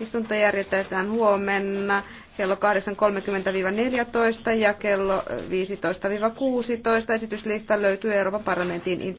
Istunto järjestetään huomenna kello 8.30-14 ja kello 15-16. Esityslista löytyy Euroopan parlamentin